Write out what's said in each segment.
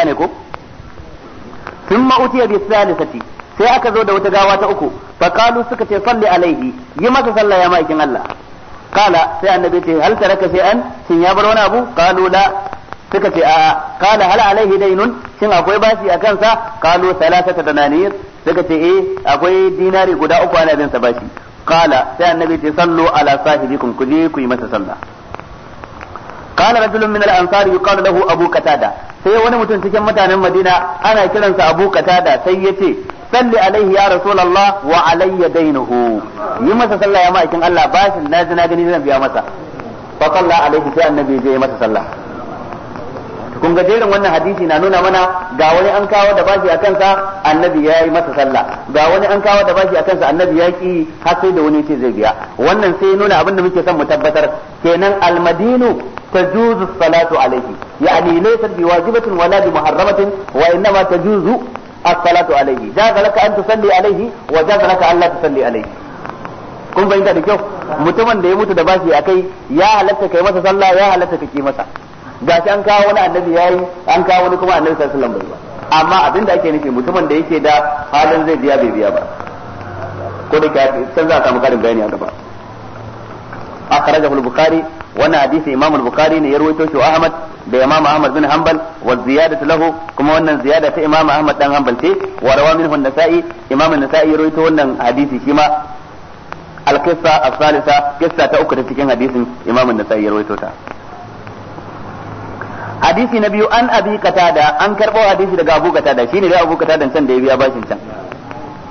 gane ko thumma utiya bi salisati sai aka zo da wata gawa ta uku fa kalu suka ce salli alaihi yi masa sallah ya ma'aikin Allah kala sai annabi ce hal taraka shay'an shin ya bar wani abu kalu la suka ce a kala hal alaihi dainun shin akwai bashi a kansa kalu salasata dananir suka ce eh akwai dinari guda uku ana bin sa bashi kala sai annabi ce sallu ala sahibikum ku ku yi masa sallah kana rajulun min al-ansar yuqalu lahu abu qatada sai wani mutum cikin mutanen madina ana kiransa abu qatada sai yace salli alaihi ya rasulullah wa alayya dainuhu yi masa sallah ya ma'aikin Allah bashin na ji na gani zan biya masa fa sallallahu alaihi sai annabi ya masa sallah kun ga jerin wannan hadisi na nuna mana ga wani an kawo da bashi akan sa annabi ya yi masa sallah ga wani an kawo da bashi akan sa annabi ya ki har sai da wani ce zai biya wannan sai nuna abin da muke son mu tabbatar kenan almadinu tajuzu salatu alayhi yani laysa wajibatin wala muharramatin wa innama tajuzu as-salatu alayhi jaza laka an tusalli alayhi wa jaza laka an la tusalli alayhi kun bayyana da kyau mutumin da ya mutu da bashi akai ya halatta kai masa sallah ya halatta kai masa ga shi an kawo wani annabi yayi an kawo wani kuma annabi sallallahu alaihi wasallam amma abin da ake nufi mutumin da yake da halin zai biya bai biya ba ko da ka san za a samu karin bayani a gaba akhrajahu al-bukhari wannan hadisi imam bukari bukhari ne ya rawaito shi ahmad da imam ahmad bin hanbal wa ziyadatu lahu kuma wannan ziyada ta imam ahmad dan hanbal ce wa rawa minhu an-nasa'i imam an-nasa'i ya wannan hadisi shi ma al-qissa as-salisa qissa ta uku ta cikin hadisin imam an-nasa'i ya rawaito ta hadisi na biyu an abi da an karbo hadisi daga abu da shine ne abu qatada can da ya biya bashin can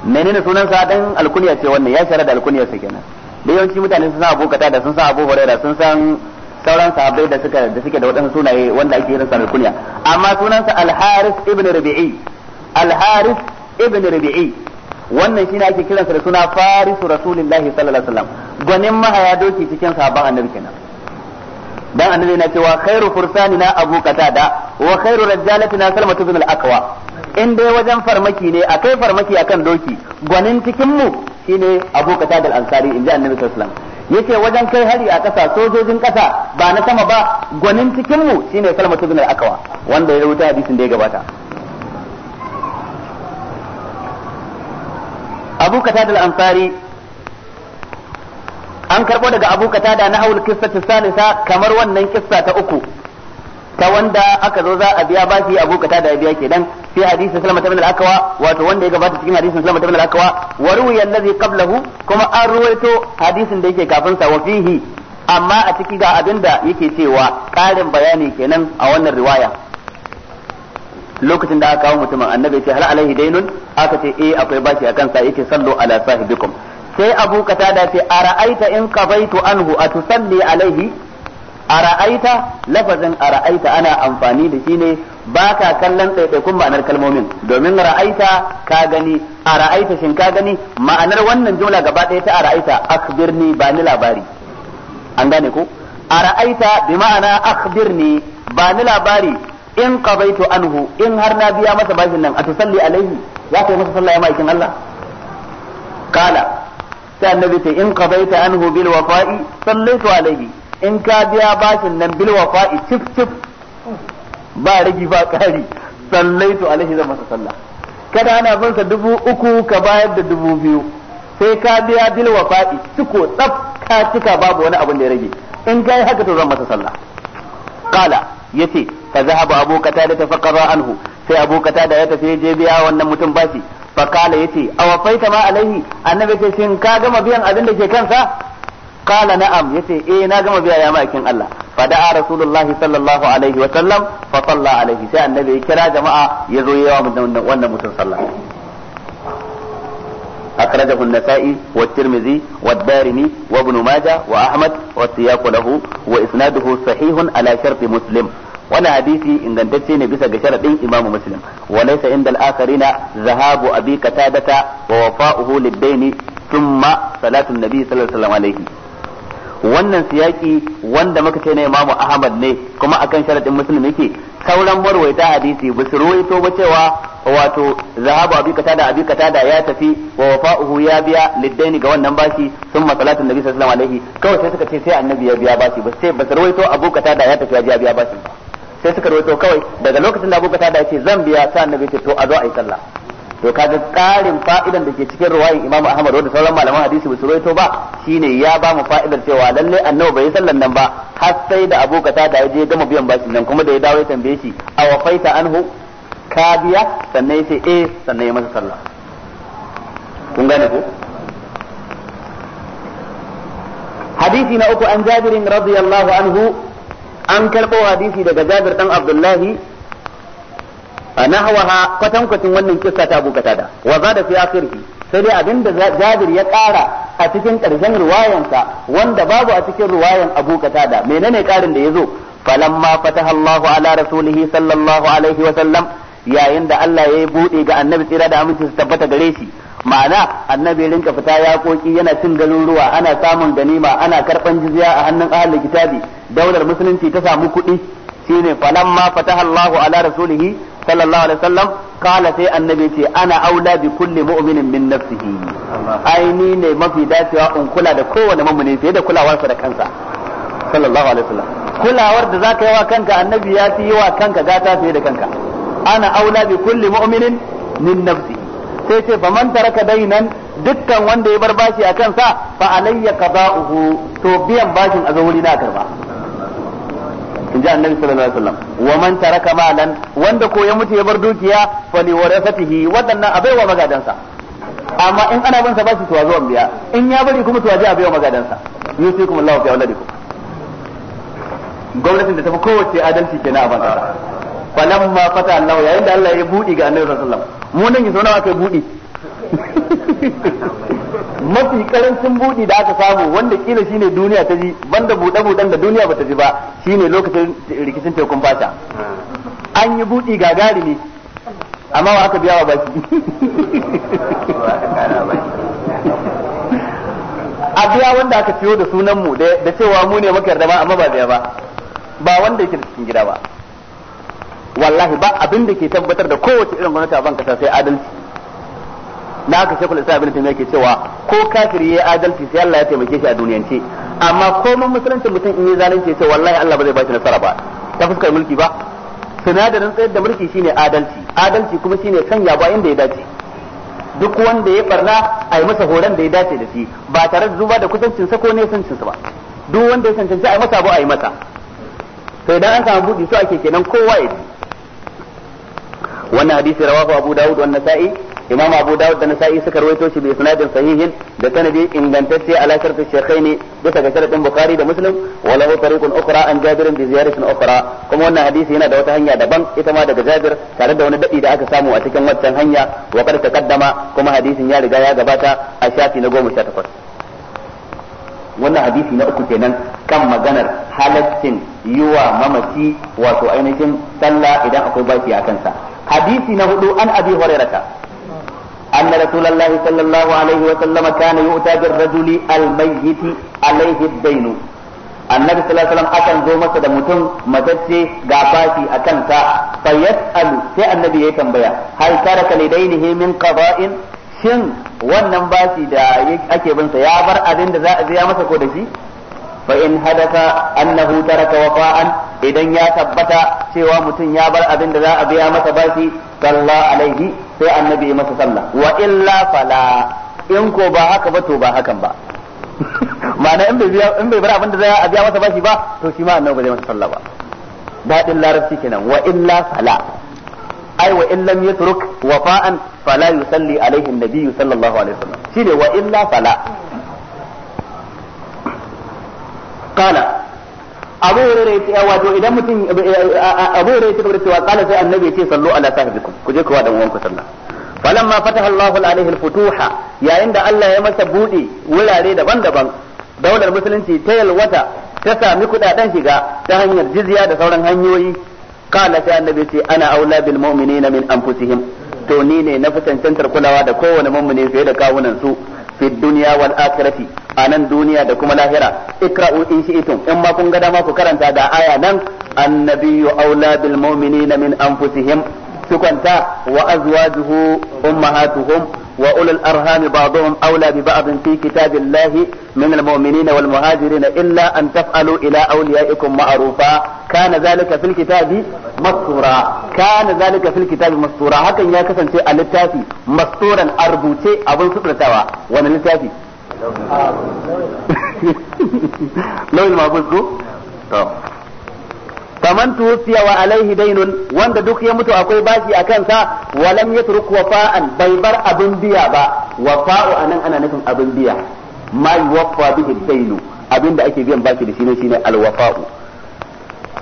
menene sunan sa dan alkunya ce wannan ya shara da alkunya sa kenan da yawanci mutane sun san abu da sun san abu hurairah sun san sauran sahabbai da suka da suke da waɗannan sunaye wanda ake irin sa alkunya amma sunan sa al-haris ibn rabi'i al-haris ibn rabi'i wannan shine ake kiransa da suna farisu rasulullahi sallallahu alaihi wasallam gwanin mahaya doki cikin sahabban annabi kenan dan annabi na cewa khairu fursani na abu qatada wa khairu rajjalati na salmatu bin al-aqwa in dai wajen farmaki ne akai farmaki akan doki gwanin cikin mu shine abu qatada al-ansari inji annabi sallallahu alaihi wasallam yace wajen kai hari a kasa sojojin kasa ba na sama ba gwanin cikin mu shine salmatu bin al-aqwa wanda ya rubuta hadisin da ya gabata abu qatada al-ansari an karbo daga Abu da na kissa ta salisa kamar wannan kissa ta uku ta wanda aka zo za a biya shi Abu Qatada ya biya ke kenan fi hadisi Salama ibn al-Akwa wato wanda ya gabata cikin hadisin Salama ibn al-Akwa wa ruwiya allazi qablahu kuma an ruwaito hadisin da yake kafin sa wa fihi amma a ciki ga abinda yake cewa karin bayani kenan a wannan riwaya lokacin da aka kawo mutumin annabi ce hal alaihi dainun aka ce eh akwai bashi akan sa yake sallu ala sahibikum sai abu katada ce a ra'aita in kabaitu anhu a tusalli alaihi a ra'aita lafazin a ra'aita ana amfani da shi ne ba ka kallon ɗaiɗaikun ma'anar kalmomin domin ra'aita ka gani a ra'aita shin ka gani ma'anar wannan jumla gaba ɗaya ta a ra'aita akhbirni ba ni labari an gane ko a ra'aita bi ma'ana akhbirni ba ni labari in kabaitu anhu in har na biya masa bashin nan a tusalli alaihi za ka yi masa sallah ya ma'aikin Allah kala sai annabi ta in qadaita anhu bil wafa'i sallaitu alaihi in ka biya bashin nan bil wafa'i tif tif ba rigi ba kari sallaitu alaihi zan masa sallah kada ana bin sa dubu uku ka bayar da dubu biyu sai ka biya bil wafa'i ciko tsaf ka cika babu wani abin da ya rage in kai haka to zan masa sallah qala yace fa zahaba abu qatada fa qara anhu sai abu da ya tafi je biya wannan mutum bashi fa kala yace awafaita ma alaihi annabi yace shin ka gama biyan abin da ke kansa kala na'am yace eh na gama biya ya makin Allah fa da'a rasulullahi sallallahu alaihi wa sallam fa salla alaihi sai annabi ya kira jama'a ya zo yawa wannan mutum sallah أخرجه النسائي والترمذي والدارمي وابن ماجه وأحمد والسياق له وإسناده صحيح على شرط مسلم wannan hadisi ingantacce ne bisa ga sharadin imam muslim wa laysa indal akharina zahabu abi qatadata wa wafa'uhu lid-dayn thumma salatu nabi sallallahu alaihi wannan siyaki wanda muka ce na imamu ahmad ne kuma akan sharadin muslim yake sauran marwaita hadisi ba su ruwaito ba cewa wato zahabu abi katada abi katada ya tafi wa wafa'uhu ya biya liddaini ga wannan bashi salatu masalatun nabi sallallahu alaihi kawai sai suka ce sai annabi ya biya bashi ba sai ba su ruwaito abu katada ya tafi ya biya bashi sai suka rawaito kawai daga lokacin da Abu Qatada yace zan biya sai annabi ce to a zo a yi sallah to kaga karin fa'idan da ke cikin ruwayin Imam Ahmad wanda sauran malaman hadisi ba su rawaito ba shine ya ba mu fa'idar cewa lalle annabi bai sallan nan ba har sai da Abu Bakar ya je gama biyan bashin nan kuma da ya dawo ya tambaye shi a wafaita anhu ka biya sannan ce eh sannan ya masa sallah kun gane ko hadisi na uku an رضي الله anhu an karɓo hadisi daga Jabir ɗan Abdullahi nahwaha kwatankwacin wannan kisa ta Abu Qatada wa zada fi sai dai abinda Jabir ya ƙara a cikin ƙarshen ruwayansa wanda babu a cikin ruwayan Abu Qatada menene ƙarin da yazo falamma fataha Allahu ala rasulihi sallallahu alaihi wa sallam yayin da Allah ya yi buɗe ga annabi tsira da aminci su tabbata gare shi ma'ana annabi rinka fita koki yana cin garuruwa ana samun ganima ana karban jizya a hannun ahli kitabi daular musulunci ta samu kuɗi shine falamma fataha Allahu ala rasulihi sallallahu alaihi wasallam kala sai annabi ce ana aula bi kulli mu'minin min nafsihi aini ne mafi dacewa in kula da kowane mamuni fiye da kulawarsa da kansa sallallahu alaihi wasallam kulawar da zaka yi wa kanka annabi ya fi yi wa kanka gata fiye da kanka ana aula bi kulli mu'minin min nafsi sai ce faman taraka dainan dukkan wanda ya bar bashi a kansa fa alayya qada'uhu to biyan bashin a zawuri na karba in ji annabi sallallahu alaihi wasallam wa man taraka malan wanda ko ya mutu ya bar dukiya fa li warasatihi wadannan a baiwa magadansa amma in ana bin sa bashi to zuwan biya in ya bari kuma to aje abai magadansa yusikum Allahu fi auladikum gwamnatin da tafi kowace adalci kenan a ban kasa falamma fata Allah yayin da Allah ya budi ga annabi sallallahu alaihi wasallam mu nan yanzu nawa kai buɗe mafi karancin buɗi da aka samu wanda kila shine duniya ta ji banda buɗe buɗen da duniya bata ji ba shine lokacin rikicin tekun bata an yi buɗi gagari ne amma wa aka biya wa baki a biya wanda aka ciwo da sunan mu da cewa mu ne muka yarda ba amma ba biya ba ba wanda yake da cikin gida ba wallahi ba abin da ke tabbatar da kowace irin gwamnati a banka sai adalci da haka shekul islam ibn taymiya ke cewa ko kafiri yayi adalci sai Allah ya taimake shi a duniyance amma mun musulunci mutum in yi zalunci sai wallahi Allah ba zai ba shi nasara ba ta fuskar mulki ba sinadarin tsayar da mulki shine adalci adalci kuma shine sanya ba inda ya dace duk wanda ya barna a yi masa horon da ya dace da shi ba tare da zuba da kusancinsa ko nesancinsa ba duk wanda ya sa a yi masa abu a yi masa sai dan an samu buɗi so ake kenan kowa ya ji wannan hadisi rawahu abu daud wa nasa'i imam abu daud da nasa'i suka rawaito shi bi sanadin sahihin da sanadi ingantacce ala shartu shaykhain bisa ga sharadin bukhari da muslim wa lahu tariqun ukhra an jabir bi ziyaratin ukhra kuma wannan hadisi yana da wata hanya daban ita ma daga jabir tare da wani dadi da aka samu a cikin waccan hanya wa ta kaddama kuma hadisin ya riga ya gabata a shafi na 18 wannan hadisi na uku kenan kan maganar halaccin yiwa mamaci wato ainihin sallah idan akwai baki a kansa hadisi na hudu an abi hurairata anna rasulullahi sallallahu alaihi wa sallam kana yu'ta bir rajuli al mayyit alaihi ad-dain annabi sallallahu alaihi wasallam akan zo masa da mutum matacce ga fashi akan kansa fa yas'alu sai annabi ya tambaya hal taraka lidainihi min qada'in shin wannan bashi da ake binsa ya bar abin da za a biya masa ko da shi fa in hadaka annahu taraka wafa'an idan ya tabbata cewa mutum ya bar abin da za a biya masa bashi salla alaihi sai annabi ya masa sallah wa illa fala in ko ba haka ba to ba hakan ba ma'ana in bai bar abin da za a biya masa bashi ba to shi ma annabi ba zai masa sallah ba dadin larabci kenan wa illa fala ai wafa'an fala yusalli sallallahu alaihi wa illa fala qala abu hurairah yace idan abu hurairah yace da cewa qala sai annabi yace sallu ala sahibikum ku je ku wa dan uwanku sallah falamma fataha alaihi futuha yayin da Allah ya masa bude wurare daban-daban daular musulunci ta yalwata ta sami kudaden shiga ta hanyar jizya da sauran hanyoyi qala sai annabi yace ana aula bil mu'minina min anfusihim to ni ne na fi cancantar kulawa da kowane mumini fiye da kawunan su fi dunya wal akhirati anan duniya da kuma lahira ikra'u in shi'tum in ma ga dama karanta da aya nan annabiyyu aula bil min wa وأولو الأرهام بعضهم أولى ببعض في كتاب الله من المؤمنين والمهاجرين إلا أن تفعلوا إلى أوليائكم معروفا كان ذلك في الكتاب مسطورا كان ذلك في الكتاب مسطورا هكا يا كسن شيء اللتافي مسطورا أربوتي أبن سكرتاوا وانا اللتافي لو المحفوظ faman tuwfiya wa alaihi dainun wanda duk ya mutu akwai bashi a kansa walam yatruk wafa'an bai bar abin biya ba wafa'u anan ana nufin abin biya ma yuwaffa bihi dainu abinda ake biyan bashi da shine shine alwafa'u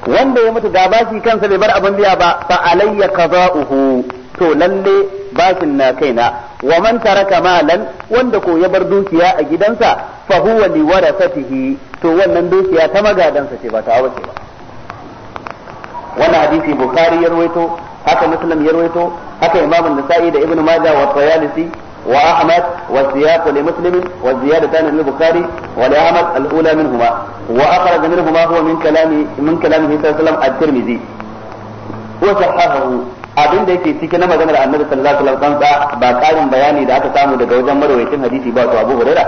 wanda ya mutu da bashi kansa bai bar abin biya ba fa alayya qada'uhu to lalle bashin na kaina wa man taraka malan wanda ko ya bar dukiya a gidansa fa huwa li to wannan dukiya ta magadansa ce ba ta wace ba wannan hadisi bukhari ya rawaito haka muslim ya rawaito haka imam an-nasa'i da ibnu majah wa tayalisi wa ahmad wa siyaq li muslim wa ziyadatan li bukhari wa li ahmad al-ula minhuma wa akhraj minhuma huwa min kalami min kalamihi sallallahu alaihi wasallam at-tirmidhi wa sahahahu abin da yake cikin na maganar annabi sallallahu alaihi wasallam ba karin bayani da aka samu daga wajen marwayin hadisi ba to abu hurairah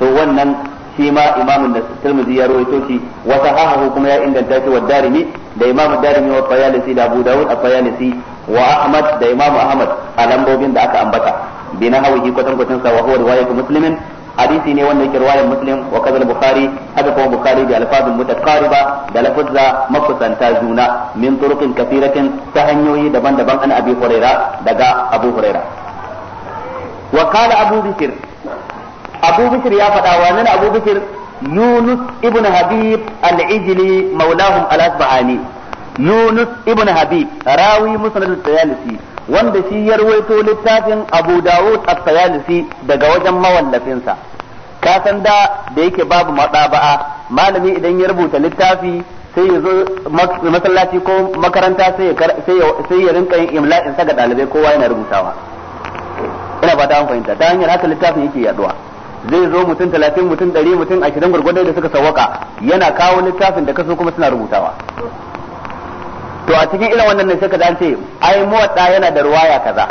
to wannan shi ma imamun da tilmizi ya rawaito shi wa sahahahu kuma ya inganta shi wa darimi da imamu darimi wa bayanisi da abu dawud a bayanisi wa ahmad da imamu ahmad a lambobin da aka ambata bina na hawihi kwatan kwatan sa wa huwa riwayatu muslimin hadisi ne wanda yake riwayar muslim wa kadal bukhari haka kuma bukhari da alfazin mutaqariba da lafuzza makusanta juna min turuqin kathiratin ta hanyoyi daban-daban ana abi huraira daga abu huraira وقال qala بكر abu ya faɗa wannan abu yunus ibn habib al-ijli maulahum al-asbahani yunus ibn habib rawi musnad al-tayalisi wanda shi ya rawaito littafin abu dawud al-tayalisi daga wajen mawallafinsa ka san da da yake babu madaba'a malami idan ya rubuta littafi sai ya zo masallaci ko makaranta sai ya rinka imla'in sa ga dalibai kowa yana rubutawa ina ba ta an fahimta ta hanyar haka littafin yake yaduwa zai zo mutum talatin mutum ɗari mutum ashirin gwargwadon da suka sawwaka yana kawo littafin da kaso kuma suna rubutawa to a cikin irin wannan ne sai ka ce ai muwadda yana da ruwaya kaza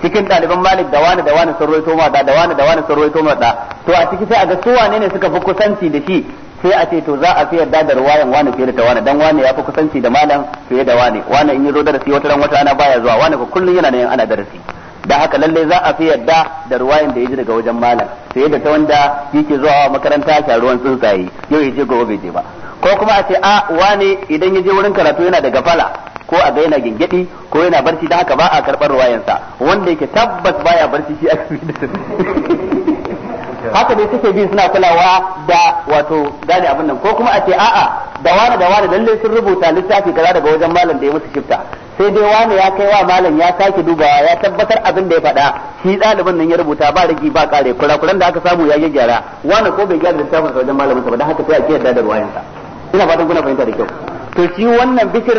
cikin ɗaliban malik da wani da wani sun roito mata da wani da wani sun roito mata to a ciki sai a ga su wane ne suka fi kusanci da shi sai a ce to za a fi yarda da ruwayan wani fiye da ta wani dan wani ya fi kusanci da malam fiye da wani wani in yi zo darasi wata ran wata ana baya zuwa wani ko kullum yana nan ana darasi da haka lalle za a fi yadda da ruwayan da ya ji daga wajen malam sai da ta wanda yake zuwa makaranta ta ruwan tsuntsaye yau ya je gobe bai je ba ko kuma a ce a wane idan ya je wurin karatu yana da gafala ko a ga yana gingidi ko yana barci da haka ba a karɓar ruwayansa wanda yake tabbas baya barci shi a cikin haka dai suke bin suna kulawa da wato gane abin nan ko kuma a ce a'a da wani da wani lalle sun rubuta littafi kaza daga wajen malam da ya musu shifta sai dai wani ya kai wa malam ya sake dubawa ya tabbatar abin da ya faɗa shi ɗalibin nan ya rubuta ba rigi ba kare kurakuran da aka samu ya yi gyara wani ko bai gyara littafin sa wajen malamin sa ba don haka sai a kiyar da ruwayansa ina fatan kuna fahimta da kyau to shi wannan bikir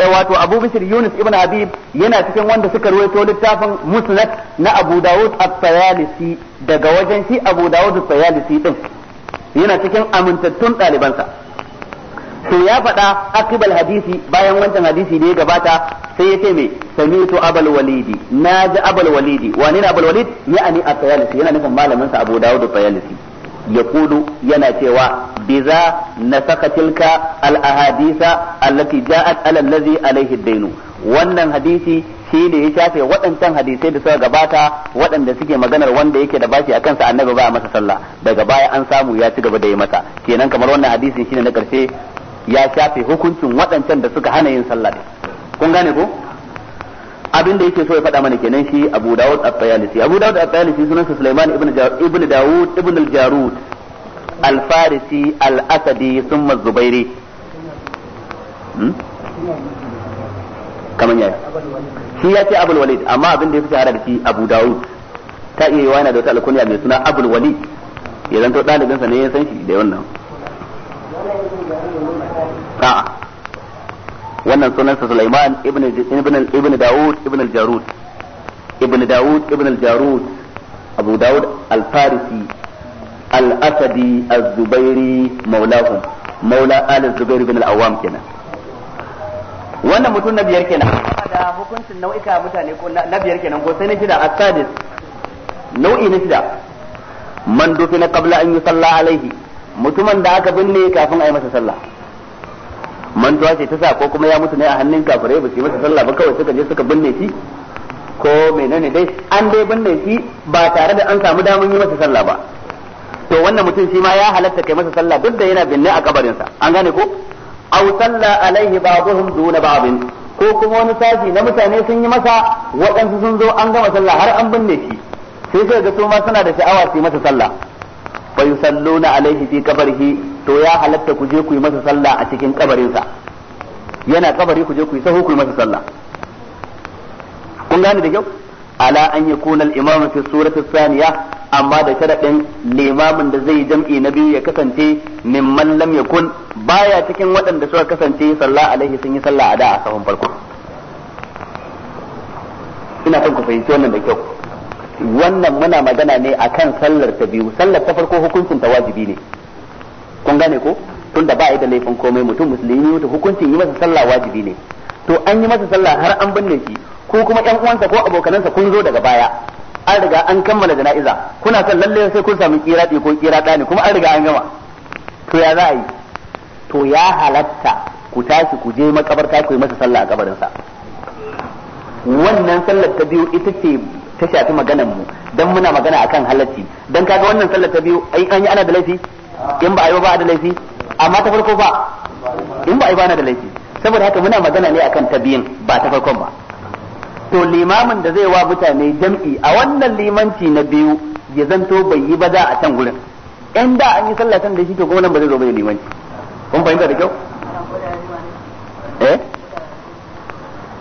Eh, wato Abu Bishr Yunus ibn Habib yana cikin wanda suka ruwaito littafin Musnad na Abu Dawud at-Tayalisi daga wajen shi Abu Dawud at-Tayalisi din yana cikin amintattun dalibansa. to ya faɗa akibal hadisi bayan wancan hadisi da ya gabata sai ya ce me samitu abal walidi na ji abal walidi wani na abal walid ani at-Tayalisi yana nufin malamin sa Abu Dawud at-Tayalisi yana cewa بذا نسخ تلك الأحاديث التي جاءت على الذي عليه الدين wannan hadisi shi ne ya shafe waɗancan hadisai da suka gabata waɗanda suke maganar wanda yake da bashi akan sa annabi ba masa sallah daga baya an samu ya ci gaba da yi masa kenan kamar wannan hadisin shine na ƙarshe ya shafe hukuncin waɗancan da suka hana yin sallah kun gane ko abin da yake so ya faɗa mana kenan shi Abu Dawud at-Tayalisi Abu Dawud at-Tayalisi sa Sulaiman ibn ibn Dawud ibn al-Jarud al-farisi al-asadi thumma zubairi kamar yaya shi ya ce abul walid amma abin da ya fi shahara da shi abu dawud ta iya yiwa yana da wata alkunya mai suna abul walid ya zanto ɗalibinsa ne ya san shi da wannan wannan sunansa suleiman ibn ibn ibn jarud ibn ibn jarud Abu al-Farisi al-asadi az-zubairi maulahum maula al-zubair bin al-awwam kenan wannan mutum na biyar kenan da hukuncin nau'ika mutane ko na biyar kenan ko sai na shida as nau'i na shida man na qabla an yi sallah alaihi mutumin da aka binne kafin a yi masa sallah mantuwa ce ta sa ko kuma ya mutu ne a hannun kafirai ba su yi masa sallah ba kawai suka je suka binne shi ko menene dai an dai binne shi ba tare da an samu damar yi masa sallah ba to wannan mutum shi ma ya halatta kai masa sallah duk da yana binne a kabarinsa an gane ko aw salla alaihi ba'dhum duna ba'dhin ko kuma wani sashi na mutane sun yi masa waɗansu sun zo an gama sallah har an binne shi sai sai ga su ma suna da sha'awa su yi masa sallah fa yusalluna alaihi fi kabarihi to ya halatta ku je ku yi masa sallah a cikin kabarinsa yana kabari ku je ku yi sahu ku yi masa sallah kun gane da kyau ala an yakuna al-imamu fi surati thaniya amma da sharaɗin limamin da zai jam'i na biyu ya kasance mimman lam yakun baya cikin waɗanda suka kasance sallah alaihi sun yi sallah a da a sahun farko ina kan ku fahimci wannan da kyau wannan muna magana ne akan sallar ta biyu sallar ta farko hukuncin ta wajibi ne kun gane ko da ba a yi da laifin komai mutum musulmi ne hukuncin yi masa sallah wajibi ne to an yi masa sallah har an binne shi ko kuma ƴan uwansa ko abokanansa kun zo daga baya an riga an kammala jana'iza kuna son lalle sai kun samu kiradi ko kirada ne kuma an riga an gama to ya za a yi to ya halatta ku tashi ku je makabarta ku yi masa sallah a kabarinsa wannan sallar ta biyu ita ce ta shafi maganar mu dan muna magana akan halacci dan kaga wannan sallar ta biyu ai an yi ana da laifi in ba a yi ba da laifi amma ta farko ba in ba a yi ba na da laifi saboda haka muna magana ne akan ta biyun ba ta farkon ba to limamin da zai wa mutane jam'i a wannan limanci na biyu ya zanto bai yi ba za a can gurin in da an yi sallah can da shi to gwamnan ba zai zo bai limanci kun fahimta da kyau eh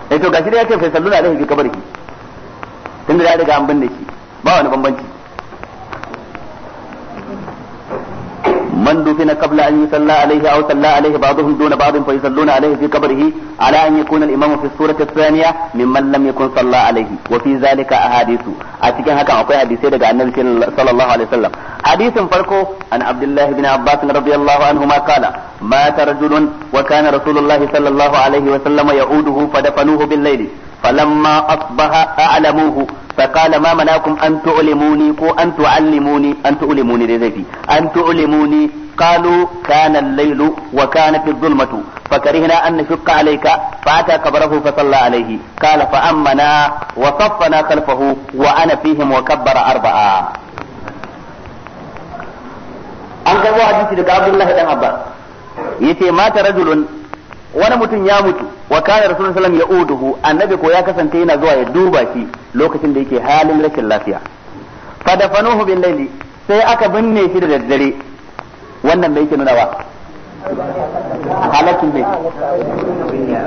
eh to gashi da ya ce fa sallu alaihi fi kabarki tunda da riga an binne shi ba wani bambanci من دفن قبل أن يصلى عليه أو صلى عليه بعضهم دون بعض فيصلون عليه في قبره على أن يكون الإمام في السورة الثانية ممن لم يكن صلى عليه وفي ذلك أحاديث أتكن هكا أقوى حديثي دقاء النبي صلى الله عليه وسلم حديث فرقه عن عبد الله بن عباس رضي الله عنهما قال مات رجل وكان رسول الله صلى الله عليه وسلم يعوده فدفنوه بالليل فلما أصبح أعلموه فقال ما منعكم أن تعلموني كو أن تعلموني أن تعلموني لذيفي أن تعلموني قالوا كان الليل وكانت الظلمة فكرهنا أن نشق عليك فأتى قبره فصلى عليه قال فأمنا وصفنا خلفه وأنا فيهم وكبر أربعة an karbo hadisi daga Abdullahi dan Abbas yace mata rajulun wani mutum ya mutu wa kana rasulullahi sallallahu alaihi wasallam annabi ko ya kasance yana zuwa ya duba shi lokacin da yake halin rashin lafiya fa dafanuhu bin layli sai aka binne shi da daddare wannan bai yake nuna ba halakin ne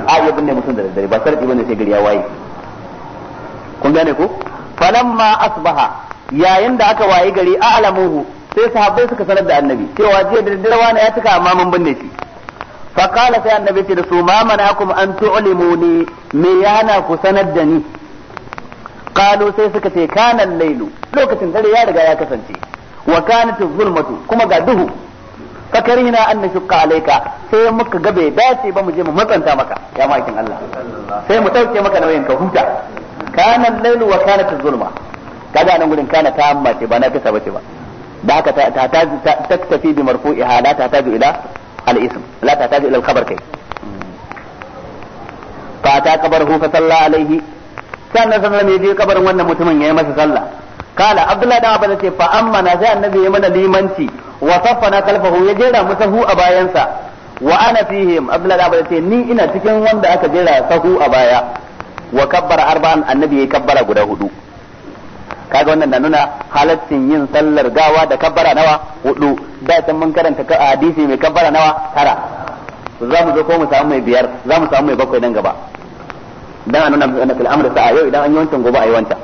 a yi binne mutum da daddare ba sarki bane sai gari ya waye kun gane ko falamma asbaha yayin da aka waye gari a'lamuhu sai sahabbai suka sanar da annabi cewa jiya da daddare wani ya tuka amma mun binne shi فقال سي النبي ce da su ma kuma an tu'limuni me yana ku sanar da ni qalu sai suka ce Kanan lailu lokacin dare ya riga ya kasance wa kanat zulmatu kuma ga duhu fakarina an nashqa alayka sai muka ga bai dace ba mu je mu matsanta maka ya makin Allah sai mu dauke maka nauyin ka huta kana lailu wa kanat zulma nan kana ta amma ce ba na ba da haka ta ta ta tafi bi marfu'iha la ta taju ila al-ism la ta taji ila al-khabar kai fa ta kabarhu fa salla alaihi sannan sallallahu alaihi je kabarin wannan mutumin yayi masa sallah kala abdullahi da abana ce fa amma na sai annabi ya mana limanci wa saffana kalfahu ya jera mu sahu a bayansa wa ana fihim abdullahi da abana ce ni ina cikin wanda aka jera sahu a baya wa kabbara arba'an annabi ya kabara guda hudu kaga wannan na nuna halaccin yin sallar gawa da kabbara nawa hudu da can mun karanta ka hadisi mai kabbara nawa tara za mu zo ko mu samu mai biyar za mu samu mai bakwai nan gaba dan a nuna fil amr sa'a yau idan an yi wancan gobe a yi wancan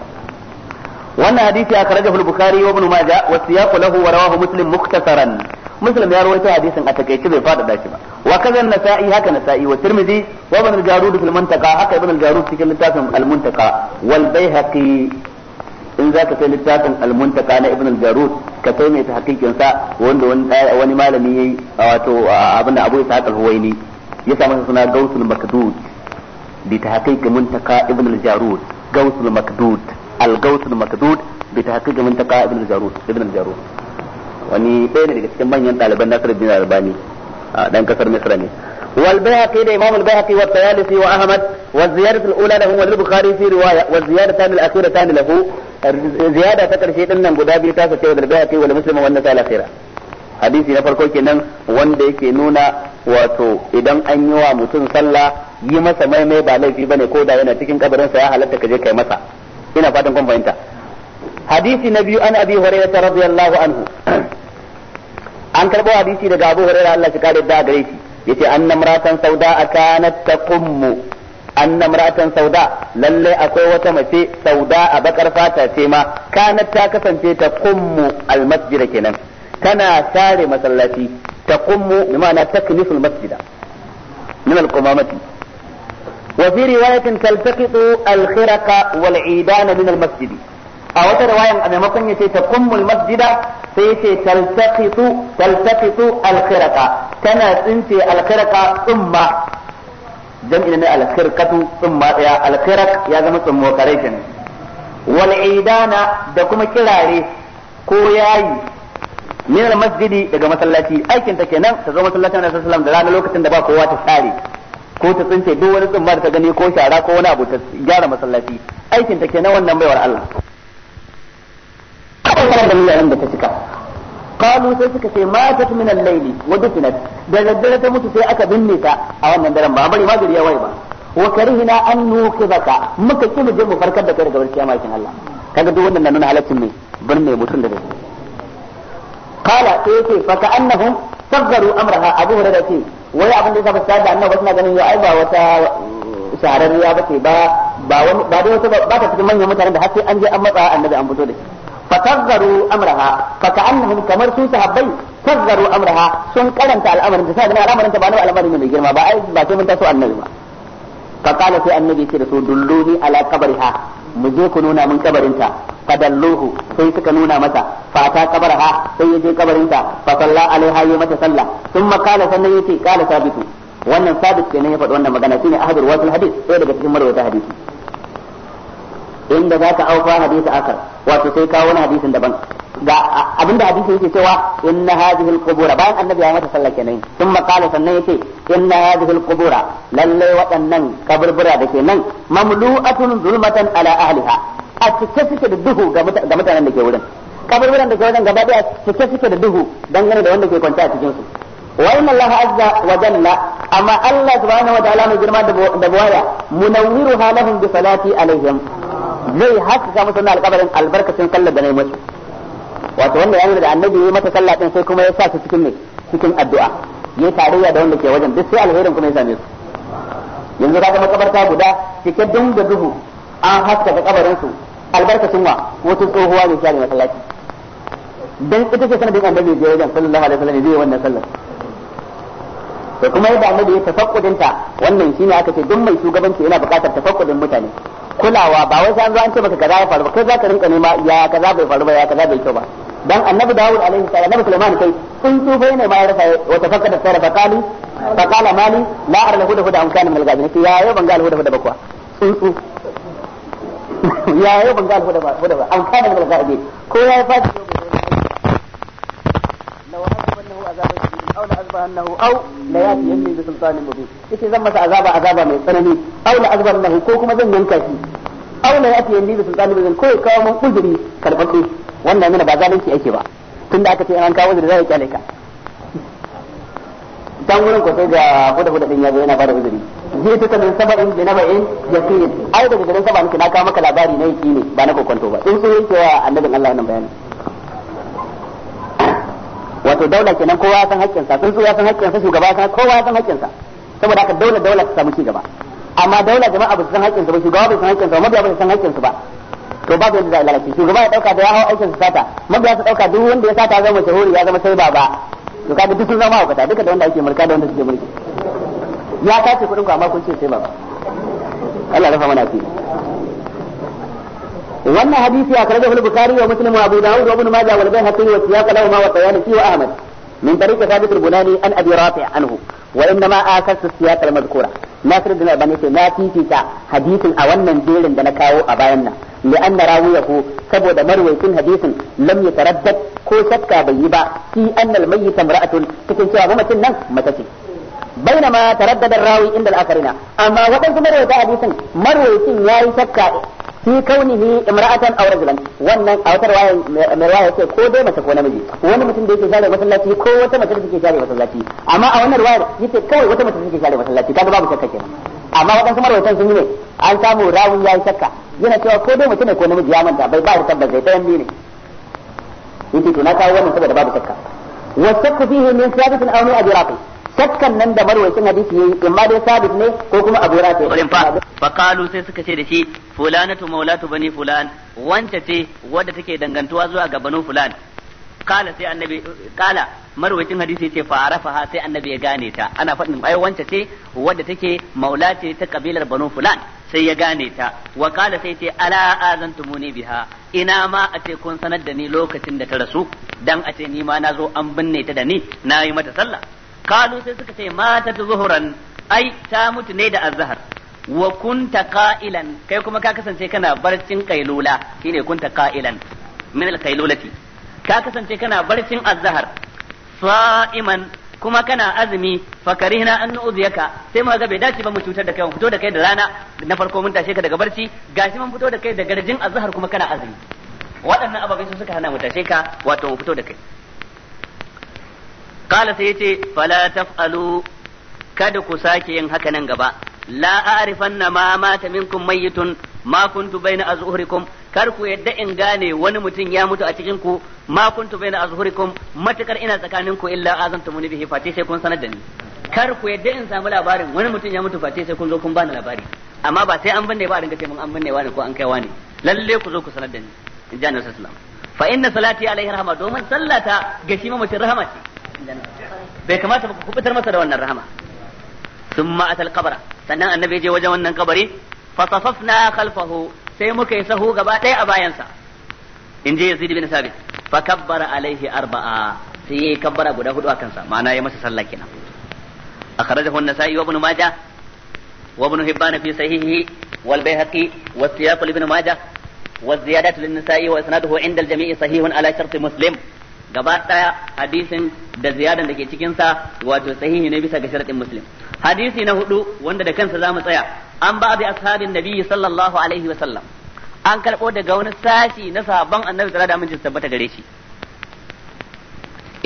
wannan hadisi ya karaja bukhari wa ibn majah wa siyaqu lahu wa rawahu muslim mukhtasaran muslim ya rawaito hadisin a takeice bai fada shi ba wa kaza nasa'i haka nasa'i wa tirmidhi wa ibn al-jarud fil mantaqa haka ibn al-jarud cikin littafin al-muntaqa wal baihaqi in za ka kai littafin almuntaka na ibn al-jarud ka kai mai tahqiqin sa wanda wani eh, malami yayi eh, wato eh, abin da Abu Ishaq al-Huwaini ya sa suna Gausul Makdud bi tahqiq muntaka ibn al-jarud Gausul Makdud al-Gausul Makdud bi tahqiq muntaka ibn al-jarud ibn al-jarud wani ɗaya ne daga cikin manyan ɗaliban Nasiruddin Albani dan kasar Misra ne والبيهقي لإمام البيهقي والطيالسي وأحمد والزيادة الأولى له والبخاري في رواية له ziyada ta karshe din nan guda biyu ta sace wa dalbaya kai wal muslimin wannan ta lafira hadisi na farko kenan wanda yake nuna wato idan an yi wa mutum sallah yi masa maimai ba laifi bane ko da yana cikin kabarin sa ya halatta ka je kai masa ina fatan kun fahimta hadisi na biyu an abi hurairah radiyallahu anhu an karbo hadisi daga abu hurairah Allah shi kare da gare shi yace annamratan sauda akanat taqummu أن امرأة سوداء للي أقوى تمسي سوداء بكر فاتا سيما كانت تاكسا تقم المسجد كنا كان ساري مسلتي تقم بمعنى تكنس المسجد من القمامة وفي رواية تلتقط الخرق والعيدان من المسجد أو رواية أن مكن تقم المسجد سيتي تلتقط تلتقط الخرق كانت انت الخرق ثم jam'i ne alkhirqatu tsumma ya alkhirq ya zama tsummo kare wal idana da kuma kirare ko yayi min al masjidi daga masallaci aikin ta kenan ta zo masallacin Annabi sallallahu da ranar lokacin da ba kowa ta tsare ko ta tsince duk wani tsumma da ta gani ko shara ko wani abu ta gyara masallaci aikin ta kenan wannan baiwar Allah kawai da da ta cika qalu sai suka ce matat min al-layli wa dufinat da daddare ta mutu sai aka binne ta a wannan daren ba bari magari ya wai ba wa karihina an nuqidaka muka ki je mu farkar da kai daga barciya makin Allah kaga duk wannan na nuna halaccin ne binne mutum da qala sai yace fa ka'annahum amraha abu hurairah ce wai abin da ya saba da annabi suna ganin ya ai ba wata shahararriya ba ce ba ba wani ba dai wata ba ta cikin manyan mutanen da har sai an je an matsa annabi an fito da shi fatazzaru amraha faka'annahum kamar su sahabbai tazzaru amraha sun karanta al'amarin ta sai al'amarin ta ba na al'amarin mai girma ba ba sai mun taso annabi ba فقال في النبي صلى الله je على قبرها مجيك نونا من قبرنتا فدلوه سي سكا نونا متى فأتى قبرها سي يجي قبرنتا فصلى عليها يمتى صلى ثم قال سنيتي قال ثابت wannan sabit ke ne ya faɗi wannan magana shine ahadul wasil hadith sai daga cikin inda za ka aufa hadisi akar wato sai ka wani hadisin daban ga abinda hadisi yake cewa inna hadhihi alqubura bayan annabi ya mata sallah kenan sun makala sannan yace inna hadhihi alqubura lalle waɗannan kaburbura da ke nan mamlu'atun zulmatan ala ahliha a cike suke da duhu ga mutanen da ke wurin kaburburan da ke wajen gaba daya cike suke da duhu dangane da wanda ke kwanta a cikin su wa inna allaha azza wa jalla amma allah subhanahu wa ta'ala mai girma da buwaya munawwiru halahum bi salati alaihim zai haskaka musu na alƙabarin albarkacin sallar da na yi musu wato wanda ya nuna da annabi ya mata sallah din sai kuma ya sa su cikin ne cikin addu'a ya tarayya da wanda ke wajen duk sai alherin kuma ya same su yanzu kaga makabarta guda cike dun da duhu an haskaka kabarin su albarkacin wa wata tsohuwa ne shi masallaci dan ita ce sanadin annabi ya wajen sallallahu alaihi wasallam zai wannan sallar to kuma yadda annabi ya tafakkudin ta wannan shine aka ce duk mai shugabanci yana buƙatar tafakkudin mutane kulawa ba wai sai an ce maka kaza ya faru ba kai za ka rinka nema ya kaza bai faru ba ya kaza bai kyau ba dan annabi Dawud alaihi salam annabi Sulaiman kai sun ne ma ya rasa wa tafakkata mali la huda an kana min ya yau huda huda ya yau huda ba an kana min ko ya azaba aw la azbahannahu aw la yati yanni bi mubin yace zan masa azaba azaba mai tsanani aw la ko kuma zan yanka shi aw la yati yanni bi sultanin mubin ko mun ba zalunci yake ba da aka ce an kawo zai kyale ka dan gurin ko sai ga huda huda din yazo yana bada uzuri je ta kan sabarin da naba'in yakin ai daga garin ki na ka maka labari na ne ba na kokonto ba in sai yake wa annabin Allah wannan bayani wato daula kenan kowa ya san sa sun ya san sa shugaba ya kowa ya san sa saboda haka daula daula ta samu ci gaba amma daula jama'a ba su san sa ba shugaba ba su san sa ba mabiya ba su san sa ba to ba yadda za a lalace shugaba ya dauka da ya hawo aikin sa sata mabiya su dauka duk wanda ya sata zama shahuri ya zama sai ba to kaga duk sun zama hukata duka da wanda ake mulka da wanda suke mulki ya kace kudin ku amma kun ce sai ba Allah ya rafa mana asiri wannan hadisi ya karɓi hul bukari wa muslim wa abu dawud wa ibn majah wal bayhaqi wa siya lahu ma wa tayani fi wa ahmad min tariqi thabit al-bunani an abi rafi' anhu wa inna ma akasu siyaq al-madhkura nasir bin albani ce na fifita hadisin a wannan jerin da na kawo a bayan nan li anna rawiyahu saboda marwayin hadisin lam yataraddad ko shakka bai yi ba fi anna al-mayyit imra'atun cikin cewa mamacin nan mace ce bainama taraddada rawi inda al-akarina amma wadansu marwayata hadisin marwayatin yayi shakka fi kaunihi imra'atan aw rajulan wannan a wata riwaya mai riwaya ce ko dai mace ko namiji wani mutum da yake share masallaci ko wata mace da take share masallaci amma a wannan riwaya yace kawai wata mace da take share masallaci kaga babu shakka kenan amma wadansu marwayatan ne an samu yana cewa ko dai mace ne ko namiji ya manta bai ba da tabbas dai ɗayan ne yace to na kawo wannan saboda babu shakka wasakku fihi min sabitin aw min a raqi shakkan nan da marwacin hadisi yayi in ma dai sabit ne ko kuma abu rafi ulin fa fa kalu sai suka ce da shi fulanatu maulatu bani fulan wance ce wadda take dangantuwa zuwa ga banu fulan kala sai annabi kala marwacin hadisi ce fa arafaha sai annabi ya gane ta ana faɗin ai wance ce wadda take maula ce ta kabilar banu fulan sai ya gane ta wa kala sai ce ala azantumuni biha ina ma a ce kun sanar da ni lokacin da ta rasu dan a ce ni ma na zo an binne ta da ni na yi mata sallah kalu sai suka ce mata zuhuran ai ta mutu ne da azhar wa kunta qa'ilan kai kuma ka kasance kana barcin kailula shine kunta qa'ilan min al ka kasance kana barcin azhar sa'iman kuma kana azumi fa karihna an nu'ziyaka sai mu ga bai dace ba mu cutar da kai mu fito da kai da rana na farko mun tashe ka daga barci gashi mun fito da kai da garjin azhar kuma kana azumi waɗannan ababai sun suka hana mu tashe ka wato mu fito da kai qala sai yace fala taf'alu kada ku sake yin haka nan gaba la a'rifanna ma mata minkum mayyitun ma kuntu baina azhurikum kar ku yadda in gane wani mutum ya mutu a cikin ku ma kuntu bayna azhurikum matakar ina tsakanin ku illa azantumuni bihi fati sai kun sanar da ni kar ku yadda in samu labarin wani mutum ya mutu fati sai kun zo kun bani labari amma ba sai an binne ba a dinga ce mun an binne wani ko an kai wani lalle ku zo ku sanar da ni in ja annabi sallallahu alaihi fa inna salati alaihi rahma domin sallata ga shi mamacin rahama ce bai kamata ba ku kubutar masa da wannan rahama thumma atal qabra sannan annabi ya je wajen wannan kabari fa safafna khalfahu sai muka yi sahu gaba ɗaya a bayansa in je yazid bin sabit fa kabbara alaihi arba'a sai yayi kabbara guda hudu a kansa ma'ana ya masa sallah kenan akhrajahu an-nasa'i wa ibn majah wa ibn hibban fi sahihihi wal bayhaqi wa siyaq ibn majah wa ziyadat lin-nasa'i wa isnaduhu 'inda al-jami'i sahihun ala shart muslim gaba daya hadisin da ziyadan da ke cikin sa wato sahihi ne bisa ga sharadin muslim hadisi na hudu wanda da kansa zamu tsaya an ba bi ashabin nabi sallallahu alaihi wa sallam an karbo daga wani sashi na sahabban annabi sallallahu alaihi wa tabbata gare shi